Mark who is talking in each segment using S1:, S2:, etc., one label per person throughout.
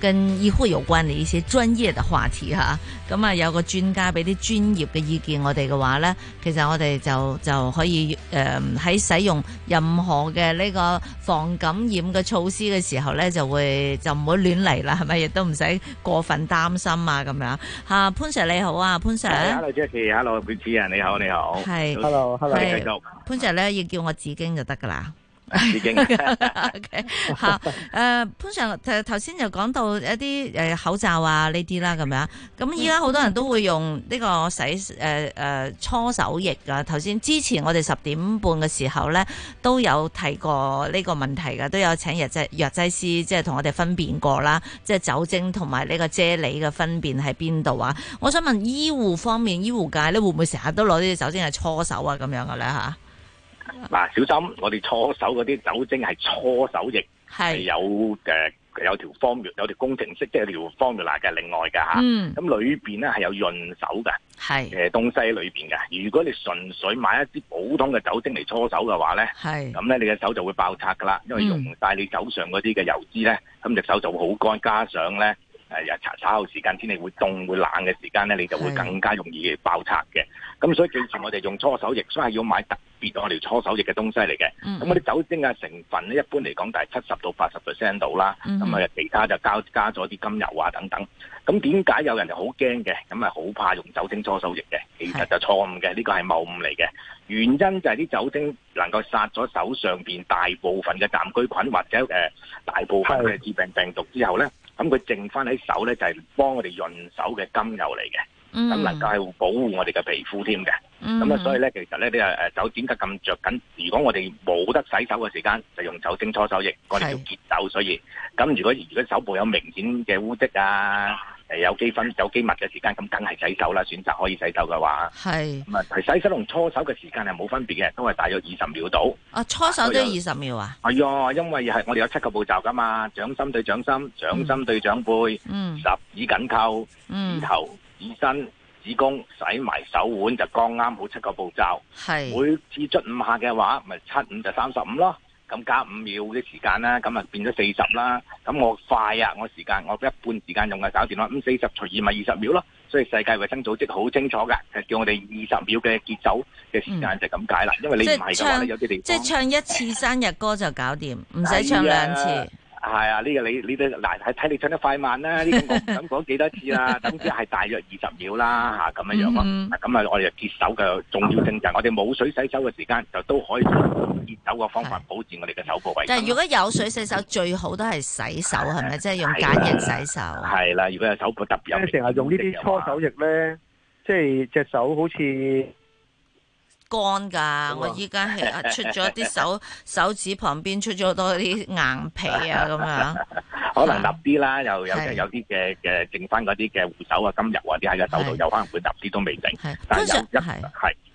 S1: 跟醫護有關嘅一些專業嘅話題吓，咁啊有個專家俾啲專業嘅意見，我哋嘅話咧，其實我哋就就可以誒喺、呃、使用任何嘅呢個防感染嘅措施嘅時候咧，就會就唔好亂嚟啦，係咪？亦都唔使過分擔心啊，咁樣吓。潘 Sir 你好啊，潘 Sir，Hello
S2: Jackie，Hello，主持人，你好，你好，係
S1: ，Hello，Hello，繼續，潘 Sir 咧要叫我紫荊就得噶啦。已經 OK 誒，潘常，頭先就講到一啲誒、呃、口罩啊呢啲啦咁樣，咁依家好多人都會用呢個洗誒誒搓手液啊。頭先之前我哋十點半嘅時候咧，都有提過呢個問題嘅，都有請藥劑藥劑師，即係同我哋分辨過啦，即係酒精同埋呢個啫喱嘅分辨喺邊度啊。我想問醫護方面，醫護界咧會唔會成日都攞呢啲酒精嚟搓手啊咁樣嘅咧吓？
S2: 嗱、啊，小心！我哋搓手嗰啲酒精係搓手液，係是有嘅有條 formula 有條工程式，即係條 formula 嘅另外嘅吓。咁、嗯啊、裏邊咧係有潤手嘅，係誒是東西喺裏邊嘅。如果你純粹買一支普通嘅酒精嚟搓手嘅話咧，咁咧是你嘅手就會爆拆噶啦，因為溶晒你手上嗰啲嘅油脂咧，咁隻、嗯、手就會好乾，加上咧。誒日擦擦後時間天氣會凍會冷嘅時間咧，你就會更加容易爆拆嘅。咁是所以，其實我哋用搓手液，所以係要買特別我哋搓手液嘅東西嚟嘅。咁嗰啲酒精嘅成分咧，一般嚟講就係七十到八十 percent 度啦。咁啊，mm hmm. 其他就加加咗啲甘油啊等等。咁點解有人就好驚嘅？咁啊，好怕用酒精搓手液嘅？其實就錯誤嘅，呢是個係謬誤嚟嘅。原因就係啲酒精能夠殺咗手上邊大部分嘅暫居菌或者、呃、大部分嘅致病病毒之後咧。咁佢淨翻喺手咧就係幫我哋潤手嘅甘油嚟嘅，
S3: 咁、mm hmm. 能夠
S2: 係保護我哋嘅皮膚添嘅。
S3: 咁啊、mm，hmm. 所
S2: 以咧，其實咧你就酒精點解咁著緊。如果我哋冇得洗手嘅時間，就用酒精搓手液，我哋叫潔手。是所以咁，如果如果手部有明顯嘅污跡啊。誒，有機分有機物嘅時間，咁梗係洗手啦。選擇可以洗手嘅話，
S1: 係咁是啊，洗
S2: 手同搓手嘅時間係冇分別嘅，都係大約二十秒到。
S1: 啊，搓手都係二十秒啊？
S2: 係喎，因為係我哋有七個步驟噶嘛，掌心對掌心，掌心對掌背，嗯、十指緊扣，嗯、指頭、指身、指公，洗埋手腕就剛啱好七個步驟。係是每次捽五下嘅話，咪七五就三十五咯。咁加五秒啲時間啦，咁啊變咗四十啦。咁我快啊，我時間我一半時間用嘅搞掂啦。咁四十除以咪二十秒咯。所以世界衛生組織好清楚㗎，就叫我哋二十秒嘅潔手嘅
S1: 時間就咁解啦。因為你唔係嘅話咧，嗯、你有啲地方即係唱，就是、唱一次生日歌就搞掂，唔使、嗯、唱兩次。係啊，呢個、啊、你你都嗱睇睇你唱得快慢、啊這個、 啦。呢個我唔敢講幾多次啦，
S2: 等於係大約二十秒啦吓，咁樣樣咯。咁啊，我哋就潔手嘅重要性就，我哋冇水洗手嘅時間就都可以洗手嘅方法，保持我哋嘅手部衛生。但係如果
S1: 有水洗手，最好都係洗手，係咪？即係用鹼型洗手。
S3: 係啦，如果有手部特別有。咁成日用呢啲搓手液咧，即係隻手好似
S1: 乾㗎。我依家係出咗啲手手指旁邊出咗好多啲硬皮啊，咁樣。
S2: 可能凹啲啦，又有有啲嘅嘅剩翻嗰啲嘅護手啊、金油啊啲喺個手度，有可能會凹啲都未定，但係有一係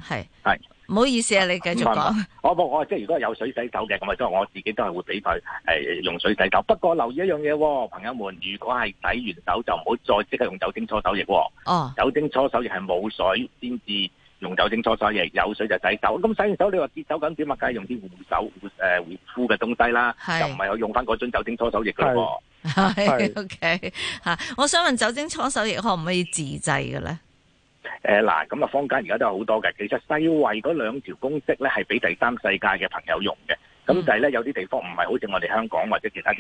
S2: 係
S1: 係。唔好意思啊，你繼續
S2: 講。我我，我即係如果有水洗手嘅，咁啊都係我自己都係會俾佢誒用水洗手。不過留意一樣嘢，朋友們，如果係洗完手就唔好再即刻用酒精搓手液。哦。酒精搓手液係冇水先至用酒精搓手液，有水就洗手。咁、嗯、洗完手你話潔手咁，點啊？梗係用啲護手護誒護膚嘅東西啦。是就唔係我用翻嗰樽酒精搓手液咯。係。係。O
S1: K 吓， Okay . 我想問酒精搓手液可唔可以自製嘅咧？
S2: 誒嗱，咁啊坊間而家都有好多嘅，其實世衛嗰兩條公式咧係俾第三世界嘅朋友用嘅。咁但係咧有啲地方唔係好似我哋香港或者其他啲誒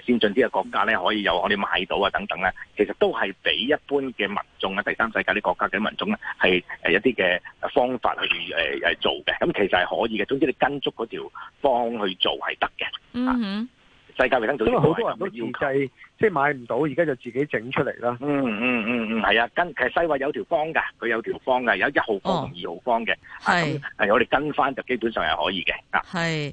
S2: 誒先進啲嘅國家咧，可以有我哋買到啊等等咧，其實都係俾一般嘅民眾啊，第三世界啲國家嘅民眾咧係誒一啲嘅方法去誒誒做嘅。咁其實係可以嘅。總之你跟足嗰條方去做係得嘅。嗯。世界嚟，這個，因為好多人都
S3: 自製，即係買唔到，而家就自己整出嚟啦，嗯。嗯嗯嗯嗯，
S2: 係啊，跟其實西華有條方噶，佢有條方噶，有一號方同二號方嘅。係。係我哋跟翻就基本上係可以嘅。
S1: 係。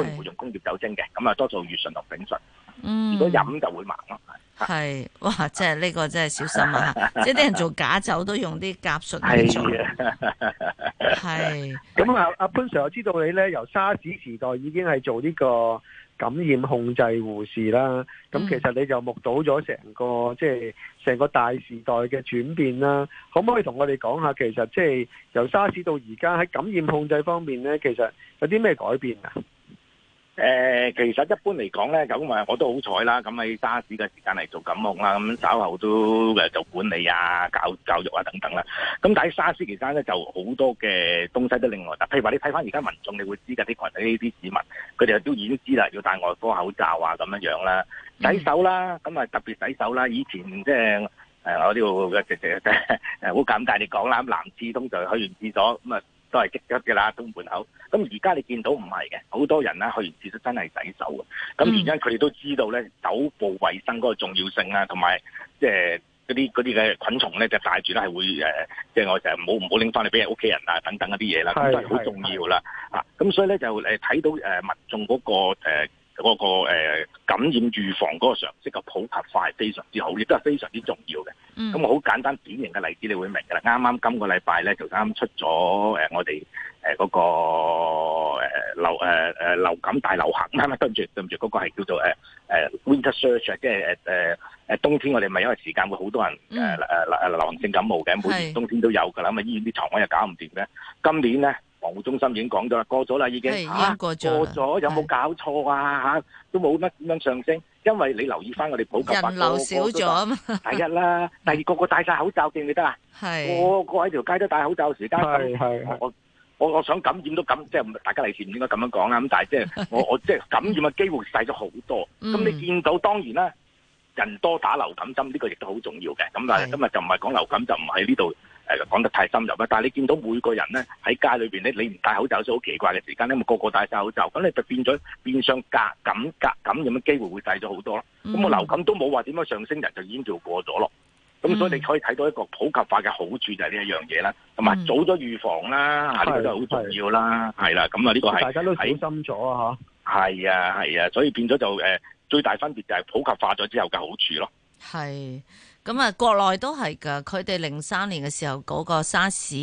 S2: 都唔會用工業酒精嘅，咁啊多做乙醇同丙醇。嗯，
S1: 如果飲就會盲咯。係哇，即係呢個真係 小心啊！ 即係啲人做假酒都用啲甲醇，嚟做。係。
S3: 咁啊，阿潘 Sir，我知道你咧由沙士時代已經係做呢個感染控制護士啦。咁其實你就目睹咗成個、嗯、即係成個大時代嘅轉變啦。可唔可以同我哋講下，其實即係由沙士到而家喺感染控制方面咧，其實有啲咩改變啊？
S2: 誒、呃，其實一般嚟講咧，咁啊，我都好彩啦。咁喺沙士嘅時間嚟做感控啦，咁稍後都誒做管理啊、教教育啊等等啦。咁但喺沙士期間咧，就好多嘅東西都另外啦。譬如話你睇翻而家民眾，你會知噶啲群體呢啲市民，佢哋都已經知啦，要戴外科口罩啊，咁樣樣啦，洗手啦，咁啊、mm hmm. 嗯、特別洗手啦。以前即係誒，我呢度一直一直誒好尷尬，你講啦，男廁東就去完廁所咁啊。嗯都係激吉嘅啦，到門口。咁而家你見到唔係嘅，好多人咧去完廁所真係洗手嘅。咁而家佢哋都知道咧，手部衛生嗰個重要性啊，同埋即係嗰啲嗰啲嘅菌蟲咧，就帶住咧係會即係我成日唔好唔好拎翻嚟俾屋企人啊等等嗰啲嘢啦，咁都係好重要啦。啊，咁所以咧就睇到民眾嗰、嗰個、呃嗰、那個、呃、感染預防嗰個常識嘅普及化係非常之好，亦都係非常之重要嘅。咁我好簡單典型嘅例子，你會明嘅啦。啱啱今個禮拜咧，就啱出咗誒、呃、我哋誒嗰個、呃、流誒誒、呃、流感大流行啦嘛，跟住跟住嗰個係叫做誒誒、呃、Winter Surge，即係誒誒誒冬天我哋咪因為時間會好多人誒誒誒流行性感冒嘅，嗯、每年冬天都有㗎啦，咁啊醫院啲床位又搞唔掂咧，今年咧。防護中心已經講咗啦，過咗啦，已經吓過咗，有冇搞錯啊？吓都冇乜點樣上升，因為你留意翻我哋普及人流少咗啊嘛，第一啦，第二個個戴晒口罩記唔記得啊，係我我喺條街都戴口罩，時間係係係我我我想感染都感染，大家以前應該咁樣講啦，咁但係即係我我即係感染嘅機會細咗好多，咁你見到當然啦，人多打流感針呢個亦都好重要嘅，咁但係今日就唔係講流感，就唔係呢度。誒，講得太深入啦！但係你見到每個人咧喺街裏邊咧，你唔戴口罩先好奇怪嘅時間咧，咪個個戴晒口罩，咁你就變咗變相隔感隔感染咁嘅機會會低咗好多咯。咁個、嗯、流感都冇話點樣上升人，人就已經做過咗咯。咁所以你可以睇到一個普及化嘅好處就係呢一樣嘢啦，同埋、嗯、早咗預防啦，
S3: 呢個都好
S2: 重要啦，係啦。咁啊，呢個係大家都小
S1: 心咗啊！吓，
S2: 係啊，係啊，所以變咗就誒、呃，最大分別就係普及化咗之後嘅好處咯。
S1: 係。咁啊，國內都係噶，佢哋零三年嘅時候嗰個沙士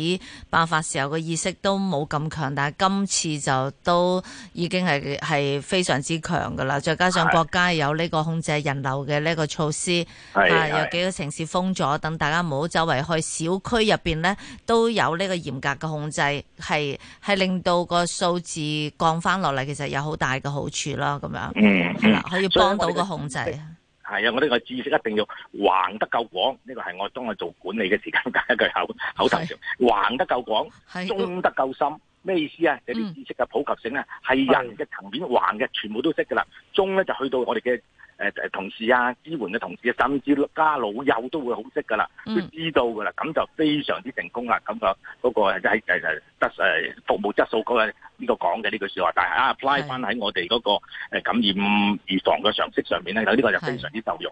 S1: 爆發時候嘅意識都冇咁強，但今次就都已經係係非常之強噶啦。再加上國家有呢個控制人流嘅呢個措施，係係係啊，有幾個城市封咗，等大家唔好周圍去，小區入面呢都有呢個嚴格嘅控制，係係令到個數字降翻落嚟，其實有好大嘅好處啦。咁樣係啦、嗯嗯，可以幫到個控制。
S2: 係啊！我呢個知識一定要橫得夠廣，呢個係我當我做管理嘅時間加一句口口頭上的橫得夠廣，的中得夠深，咩意思啊？有、就、啲、是、知識嘅普及性啊，係、嗯、人嘅層面橫嘅的全部都識噶啦，中咧就去到我哋嘅。誒誒同事啊，支援嘅同事，甚至加老友都會好識噶啦，嗯、都知道噶啦，咁就非常之成功啦。咁就嗰個係喺誒質服務質素嗰個呢個講嘅呢句說話，但係 apply 翻喺我哋嗰個感染預防嘅常識上面咧，有呢的個就非常之受用。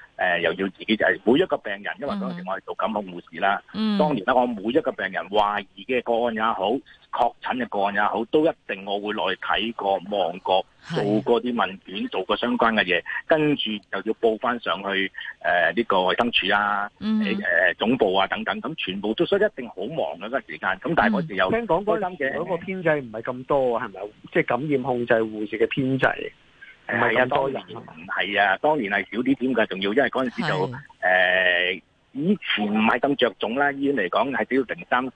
S2: 誒、呃、又要自己就係每一個病人，因為嗰陣時我係做感染護士啦。Mm hmm. 當然啦，我每一個病人懷疑嘅個案也好，確診嘅個案也好，都一定我會落去睇過、望過，做過啲問卷，做過相關嘅嘢，的跟住又要報返上去誒呢、呃這個衞生署啊，誒、mm hmm. 呃、總部啊等等，咁全部都所以一定好忙嗰個時間。咁但係嗰時又聽講嗰個
S3: 嗰個編制唔係咁多，係咪？即、就、係、是、感染控制護士嘅編制。係啊，當
S2: 然唔係啊，當然係少啲點㗎，仲要因為陣時就誒的、呃、以前唔係咁着重啦，醫院嚟講係比較定心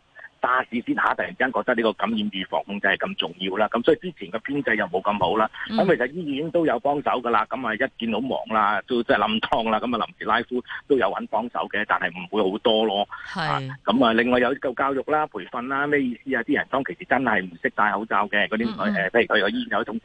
S2: 沙士先嚇，突然之間覺得呢個感染預防控制係咁重要啦，咁所以之前嘅編制又冇咁好啦。咁其實醫院都有幫手㗎啦，咁啊一見到忙啦，都即係冧湯啦，咁啊臨時拉夫都有揾幫手嘅，但係唔會好多咯。
S3: 係，
S2: 咁啊另外有教育啦、培訓啦，咩意思啊？啲人當其時真係唔識戴口罩嘅嗰啲，誒譬如佢個醫院有種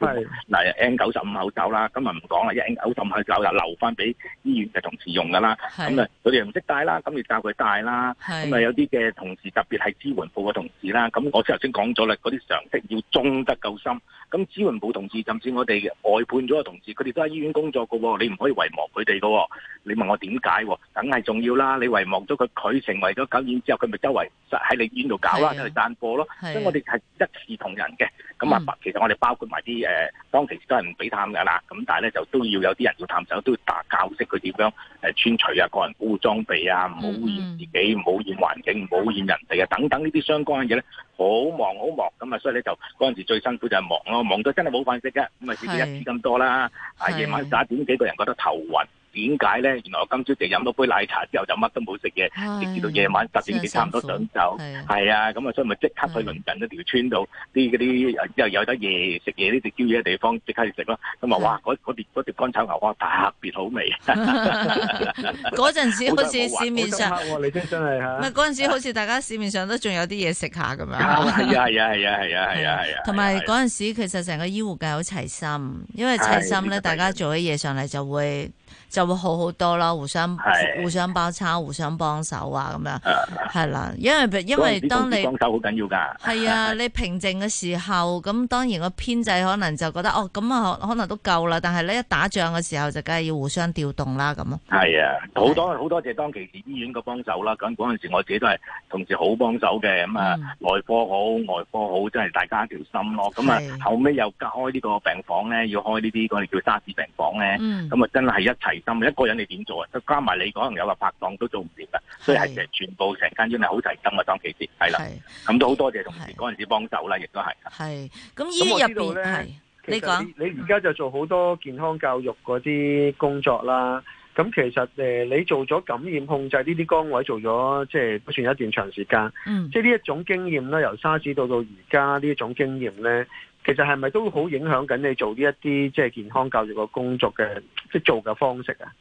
S2: N 九十五口罩啦，咁啊唔講啦，N 九十五口罩就留翻俾醫院嘅同事用㗎啦。係，咁啊佢哋唔識戴啦，咁要教佢戴啦。係，咁啊有啲嘅同事特別係支援部嘅同事啦，咁我即係頭先講咗啦，嗰啲常識要鍾得夠深。咁支援部同事，甚至我哋外判咗嘅同事，佢哋都喺醫院工作嘅，你唔可以遺忘佢哋嘅。你問我點解？梗係重要啦！你遺忘咗佢，佢成為咗感染之後，佢咪周圍喺你醫院度搞啦，喺度散播咯。啊、所以我哋係一視同仁嘅。咁啊，其實我哋包括埋啲誒當其時都係唔俾探㗎啦。咁、嗯、但係咧，就都要有啲人要探手，都要教教識佢點樣誒穿除啊個人保護裝備啊，唔好污染自己，唔好污染環境，唔好污染人哋啊等等呢啲。相關嘅嘢咧，好忙好忙咁啊，所以咧就嗰陣時最辛苦就係忙咯，忙到真係冇飯食㗎，咁是啊少少一點咁多啦，啊夜晚十一點幾個人覺得頭暈。點解咧？原來我今朝淨係飲咗杯奶茶之後就乜都冇食嘢，直至到夜晚十點幾差唔多想走，係啊咁啊，所以咪即刻去鄰近一條村度啲嗰啲又有得嘢食嘢呢啲宵夜地方即刻去食咯。咁啊，哇！嗰嗰碟嗰碟乾炒牛河特別好味。
S3: 嗰陣時好似市面上，
S1: 你真真係嚇。唔係嗰陣時好似大家市面上都仲有啲嘢食下咁樣。係啊
S2: 係啊係啊係啊係啊！
S1: 同埋嗰陣時其實成個醫護界好齊心，因為齊心咧，大家做起嘢上嚟就會。就會好好多啦，互相互相包抄、互相幫手啊咁樣，係啦，因為因為當你幫手好緊要㗎，係啊，你平靜嘅時候，咁當然個編制可能就覺得哦，咁啊可能都夠啦，但係咧一打仗嘅時候就梗係要互相調動啦咁咯。
S2: 係啊，好多好多謝當其時醫院嘅幫手啦。咁嗰陣時我自己都係同事好幫手嘅，咁啊內科好、外科好，真係大家條心咯。咁啊後尾又隔開呢個病房咧，要開呢啲我哋叫沙士病房咧，咁啊真係一。齊心，一個人你點做啊？加埋你可能有個拍檔都做唔掂噶，是所以係其實全部成間醫院係好齊心嘅當其是時，係啦是，咁都好多謝同事嗰陣時幫手啦，亦都係。係，
S1: 咁醫院入邊，是你講你而說
S3: 家就做好多健康教育嗰啲工作啦。咁、嗯、其實誒，你做咗感染控制呢啲崗位做了，做咗即係不算一段長時間。嗯、即係呢一種經驗咧，由沙士到到而家呢種經驗咧。其實係咪都好影響緊你做呢一啲即係健康教育嘅工作嘅即係做嘅方式啊？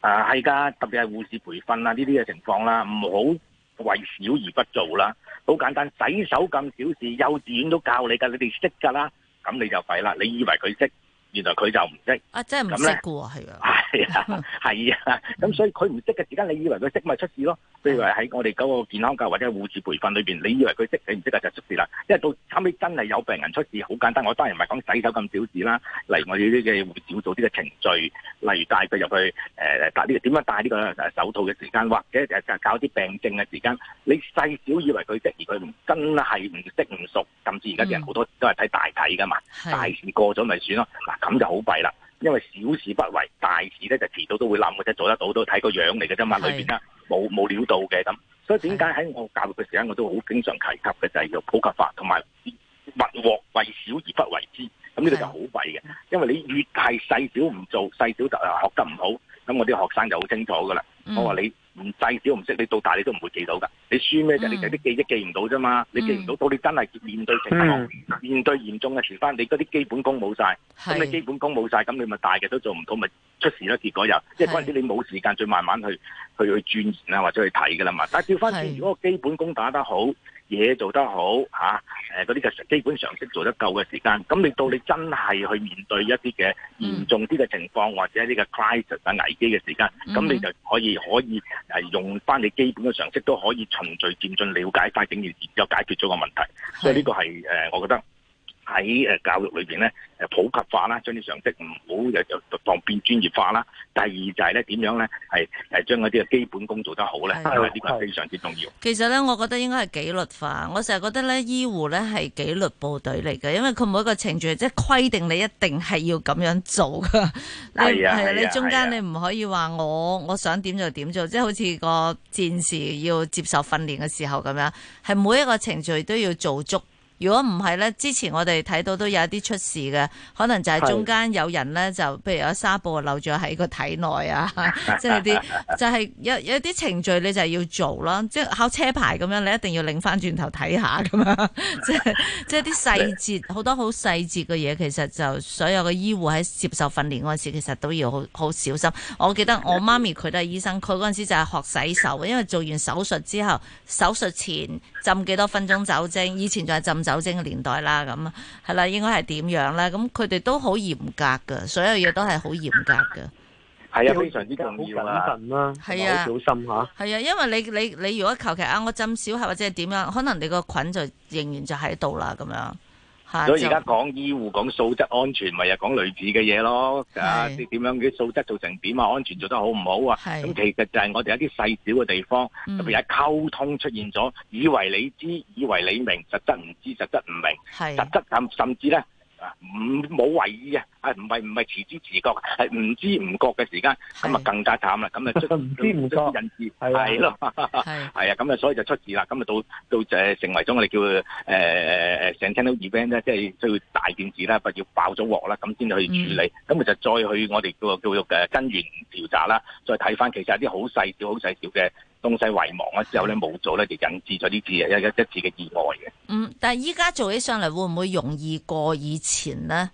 S2: 啊係噶，特別係護士培訓啊呢啲嘅情況啦，唔好為少而不做啦。好簡單，洗手咁小事，幼稚園都教你噶，你哋識噶啦。咁你就弊啦，你以為佢識，原來佢就唔識啊！即係唔識㗎喎，係啊，係啊，咁 所以佢唔識嘅時間，你以為佢識，咪出事咯。譬如話喺我哋嗰個健康教或者護士培訓裏邊，你以為佢識，你唔識噶就出事啦，因為到。真係有病人出事，好簡單。我當然唔係講洗手咁小事啦，例如我哋啲嘅會少做啲嘅程序，例如戴佢入去誒戴、呃這個、呢點樣戴呢個手套嘅時間，或者搞啲病症嘅時間。你細小，小以為佢適而佢唔真係唔識、唔熟。甚至而家啲人好多都係睇大體㗎嘛，嗯、大事過咗咪算咯。嗱咁是就好弊啦，因為小事不為大事咧，就遲早都會諗嘅啫。做得到都睇個樣嚟嘅啫嘛，裏邊冇冇料到嘅咁。所以點解喺我教育嘅時間我都好經常提及嘅就係個普及法，同埋「勿獲為少而不為之」。咁呢個就好弊嘅。因為你越係細小唔做，細小，小就學得唔好，咁我啲學生就好清楚㗎啦。我話你。唔細小唔識，你到大你都唔會記到㗎。你輸咩啫？嗯、你就啲記憶記唔到啫嘛。你記唔到到，嗯、到你真係面對情況，面、嗯、對嚴重嘅前翻你嗰啲基本功冇晒。咁是你基本功冇晒，咁你咪大嘅都做唔到，咪出事啦。結果又即係嗰陣時你冇時間再慢慢去去去鑽研啊，或者去睇㗎啦嘛。但係調翻轉如果個基本功打得好。嘢做得好嚇，誒嗰啲嘅基本常識做得夠嘅時間，咁你到你真係去面對一啲嘅嚴重啲嘅情況，嗯、或者呢個 crisis 啊危機嘅時間，咁你就可以可以係用翻你基本嘅常識都可以循序漸進了解翻，然之後解決咗個問題。的所以呢個係誒，我覺得。喺誒教育裏邊咧，誒普及化啦，將啲常識唔好又又當變專業化啦。第二就係咧，點樣咧係係將嗰啲嘅基本功做得好咧，係呢的個非常之重要。
S1: 其實咧，我覺得應該係紀律化。我成日覺得咧，醫護咧係紀律部隊嚟嘅，因為佢每一個程序即係規定你一定係要咁樣做嘅。係啊，係啊，你，的你中間你唔可以話我我想點就點做，即係好似個戰士要接受訓練嘅時候咁樣，係每一個程序都要做足。如果唔係咧，之前我哋睇到都有一啲出事嘅，可能就係中間有人咧，就譬、是、如有紗布漏咗喺個體內啊，即係啲就係有有啲程序你就要做咯，即、就、係、是、考車牌咁樣你一定要擰翻轉頭睇下咁啊，即係即係啲細節好多好細節嘅嘢，其實就所有嘅醫護喺接受訓練嗰時其實都要好好小心。我記得我媽咪佢都係醫生，佢嗰時就係學洗手，因為做完手術之後手術前浸幾多分鐘酒精，以前就係浸酒。酒精嘅年代啦，咁啊係啦，應該係點樣咧？咁佢哋都好嚴格噶，所有嘢都係好嚴格噶，係啊，非常之
S3: 重要啊，要謹慎啦，要
S1: 小心吓。係啊，因為你你你如果求其啊，我浸少下，或者點樣，可能你個菌就仍然就喺度啦，咁樣。所以而家
S2: 講醫護講素質安全，咪、就、又、是、講類似嘅嘢咯。啊啲點樣啲素質做成點啊？安全做得好唔好啊？咁是其實就係我哋一啲細小嘅地方，特別喺溝通出現咗，嗯、以為你知以為你明，實質唔知實質唔明，實質咁是甚至咧。唔冇為意啊！唔係唔係遲知遲覺，唔知唔覺嘅時間，咁啊是更加慘啦！咁啊出唔 知唔覺人事，係咯，係係啊，咁啊所以就出事啦！咁啊到到就成為咗我哋叫誒成 sentinel event 咧，即係最大件事啦，要爆咗鑊啦，咁先至去處理。咁其、嗯、就再去我哋叫個教育嘅根源調查啦，再睇翻其實啲好細小、好細小嘅。東西遺忘之後咧，冇做咧就引致咗呢次，一一一次嘅意外嘅。嗯，
S1: 但係依家做起上嚟會唔會容易過以前咧？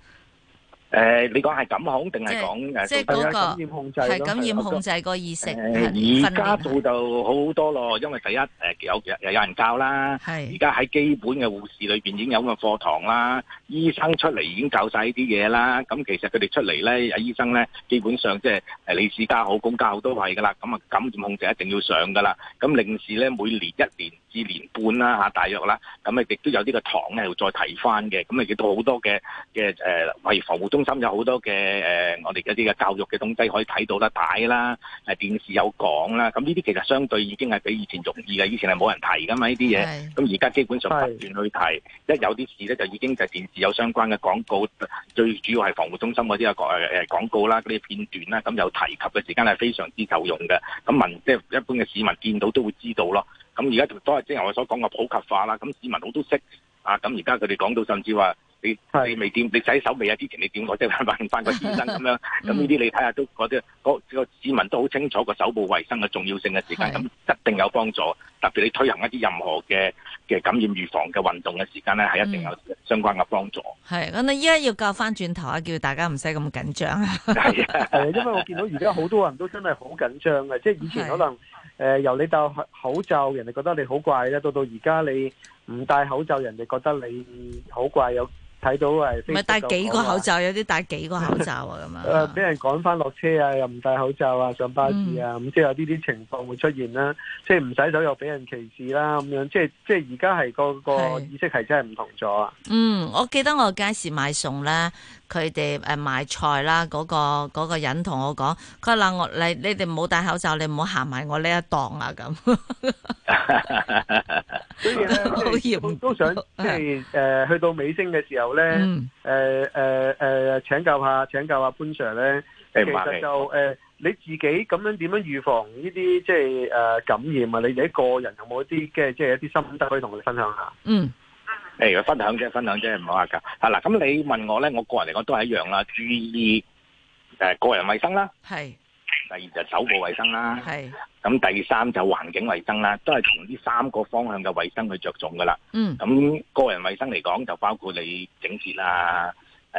S2: 誒、呃，你講係感控定係講誒，係、嗰個、感染控制係感染控
S1: 制個意識而家、
S2: 呃、是做就好好多咯，是因為第一誒，有有人教啦。係而家喺基本嘅護士裏邊已經有個課堂啦，醫生出嚟已經教晒呢啲嘢啦。咁其實佢哋出嚟咧，有醫生咧，基本上即係誒，護教好，公教好都係噶啦。咁啊，感染控制一定要上噶啦。咁另時咧，每年一年。二年半啦嚇，大約啦，咁啊亦都有啲個堂咧，又再提翻嘅，咁啊亦都好多嘅嘅誒，例如防護中心有好多嘅誒，我哋嗰啲嘅教育嘅東西可以睇到啦，大啦，誒電視有講啦，咁呢啲其實相對已經係比以前容易嘅，以前係冇人提噶嘛呢啲嘢，咁而家基本上不斷去提，是一有啲事咧就已經就電視有相關嘅廣告，最主要係防護中心嗰啲啊誒誒廣告啦，嗰啲片段啦。咁有提及嘅時間係非常之夠用嘅，咁民即係一般嘅市民見到都會知道咯。咁而家都係即係我所講嘅普及化啦，咁市民好都識啊！咁而家佢哋講到，甚至話你你未掂，你洗手未啊？之前你點我即係問翻個醫生咁樣，咁呢啲你睇下都嗰啲個市民都好清楚個手部衞生嘅重要性嘅時間，咁是一定有幫助。特別你推行一啲任何嘅嘅感染預防嘅運動嘅時間咧，係一定有相關嘅幫助。
S1: 係咁，你依家要教翻轉頭啊，叫大家唔使咁緊張啊！係
S3: 因為我見到而家好多人都真係好緊張嘅，即係以前可能。呃、由你戴口罩，人哋覺得你好怪咧，到到而家你唔戴口罩，人哋覺得你好怪有。睇到係唔係戴幾個口
S1: 罩？有啲戴幾個口罩啊咁樣啊！誒，
S3: 俾人趕翻落車啊，又唔戴口罩啊，上巴士啊，咁即係有呢啲情況會出現啦、啊。即係唔洗手又俾人歧視啦、啊，咁樣即係即係而家係個個意識係真係唔同咗啊！
S1: 嗯，我記得我街市買餸咧，佢哋誒買菜啦，嗰、那個嗰、那個人同我講，佢話我你你哋冇戴口罩，你唔好行埋我呢一檔啊！咁， 所以咧
S3: 嚴，都都想即係誒、呃、去到尾聲嘅時候。咧，誒誒誒，請教下請教下潘 sir 咧，其實就誒你自己咁樣點樣預防呢啲即係誒感染啊？你哋個人有冇一啲嘅即係一啲心得可以同我哋分享下？
S2: 嗯，誒分享啫，分享啫，唔好客㗎。係啦，咁你問我咧，我個人嚟講都係一樣啦，注意誒個人衞生啦。係。第二就手部衛生啦，係是，咁第三就環境衛生啦，都係從呢三個方向嘅衛生去着重噶啦。嗯，咁個人衛生嚟講就包括你整潔啊，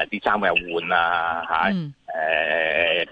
S2: 誒啲衫又換啊，吓、嗯，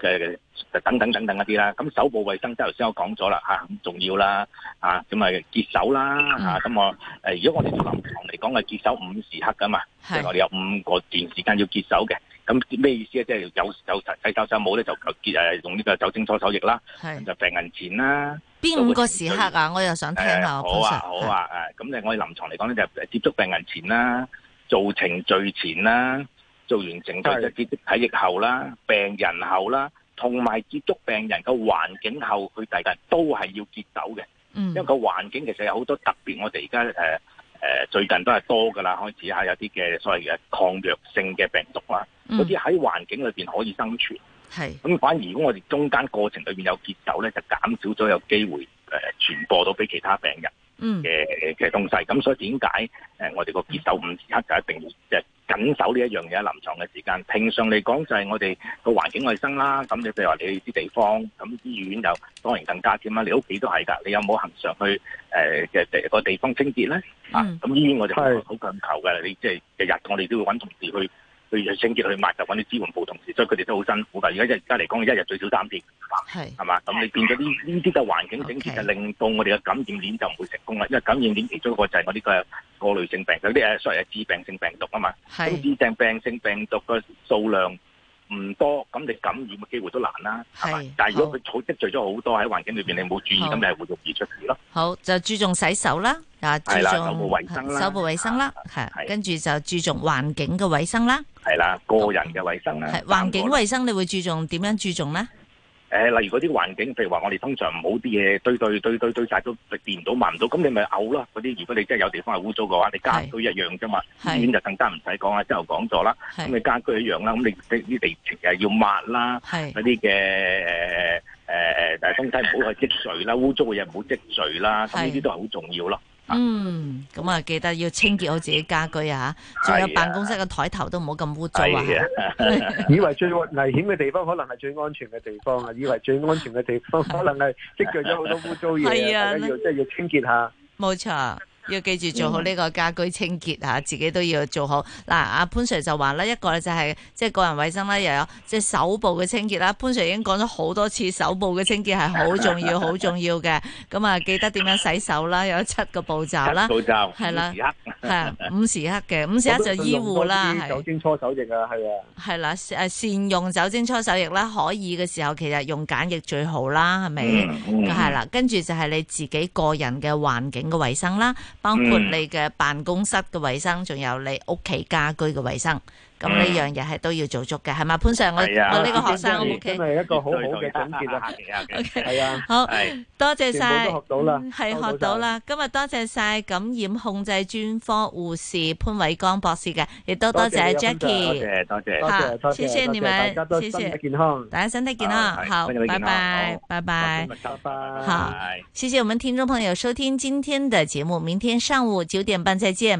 S2: 誒嘅、欸、等等等等一啲啦。咁手部衛生即係頭先我講咗啦，吓、啊、咁重要啦，啊咁啊潔手啦，吓咁、嗯啊、我誒如果我哋臨床嚟講係潔手五時刻噶嘛，即係是我哋有五個段時間要潔手嘅。咁咩意思啊？即、就、係、是、有有洗手手冇咧就結誒用呢個酒精搓手液啦，是就病人前
S1: 啦。邊五個時刻啊？我又想聽下、uh, 啊，好啊好
S2: 啊，誒是，咁誒我哋臨床嚟講咧就是、接觸病人前啦，做程序前啦，做完程序就是接觸體液後啦，病人後啦，同埋接觸病人個環境後，佢大概都係要結走嘅。
S3: 嗯、因為
S2: 個環境其實有好多特別，我哋而家誒。Uh, 誒，最近都係多噶啦，開始吓有啲嘅所謂嘅抗藥性嘅病毒啦，嗰啲喺環境裏邊可以生存。係，咁反而如果我哋中間過程裏邊有潔手咧，就減少咗有機會誒傳播到俾其他病人。嘅嘅嘅東西，咁、嗯、所以點解我哋個洗手五時刻就一定要誒緊守呢一樣嘢？臨床嘅時間，平常嚟講就係我哋個環境衞生啦。咁你譬如話你去啲地方，咁醫院就當然更加添啦。你屋企都係㗎，你有冇恆常去誒嘅、呃那個地方清潔咧？嗯、啊，咁醫院我就好強求啦的你即係日日我哋都會搵同事去。去清潔去抹就啲支援部同事，所以佢哋都好辛苦噶。而家一家嚟講，一日最少三次，係咪是？嘛？咁你變咗呢呢啲嘅環境整潔，Okay. 就令到我哋嘅感染鏈就唔會成功啦。因為感染鏈其中一個就係我呢個過濾性,性病毒，啲所謂嘅致病性病毒啊嘛。咁致病性病毒嘅數量。唔多，咁你感染嘅機會都難啦。係，但係如果佢儲積聚咗好多喺環境裏邊，你冇注意，咁就係會容易出事咯。
S1: 好，就注重洗手啦，啊，注重手部衛生啦，係，跟住就注重環境嘅衛生啦。
S2: 係啦，個人嘅衛生啦。係環
S1: 境衞生，你會注重點樣注重咧？
S2: 誒、呃，例如嗰啲環境，譬如話，我哋通常唔好啲嘢，堆堆堆堆堆晒都掂唔到聞唔到，咁你咪嘔啦。嗰啲，如果你真係有地方係污糟嘅話，你家居一樣啫嘛。醫院是就更加唔使講啦，之後講咗啦。咁是你家居一樣啦，咁你啲啲地皮要抹啦，嗰啲嘅誒誒誒，東西唔好、呃、去積聚啦，污糟嘅嘢唔好積聚啦，咁呢啲都係好重要咯。
S1: 嗯，咁啊，記得要清潔好自己家居啊，仲有辦公室嘅台頭都唔好咁污糟啊。
S3: 以為最危險嘅地方，可能係最安全嘅地方啊。以為最安全嘅地方，可能係積聚咗好多污糟嘢。係啊，大家真即係要清潔下。
S1: 冇錯。要記住做好呢個家居清潔吓，嗯、自己都要做好。嗱，阿潘 sir 就話啦，一個咧就係即係個人衛生啦，又有即係手部嘅清潔啦。潘 sir 已經講咗好多次手部嘅清潔係好重要、好 重要嘅。咁啊，記得點樣洗手啦，有七個步驟，步驟啦，係啦，係五時刻嘅、 啊、五,五時刻就醫護啦，係。係啦、啊，誒、啊、善用酒精搓手液啦，可以嘅時候其實用梘液最好啦，係咪、嗯？嗯啦、啊，跟住就係你自己個人嘅環境嘅衛生啦。包括你嘅辦公室嘅衛生，仲有你屋企家居嘅衛生。咁呢樣嘢，係都要做足嘅，係嘛？潘 Sir，我我呢個學生，O K。咁係一個好好嘅總結啊，O K。係啊，
S3: 好
S1: 多謝晒，全部都學到啦，係學到啦。今日多謝晒感染控制專科護士潘偉剛博士嘅，亦都多謝 Jackie，多謝，多謝，多謝，多謝，多謝，大大家身體健康，好，拜拜，拜拜，拜拜，好，謝謝我們聽眾朋友收聽今天的節目，明天上午九點半再見。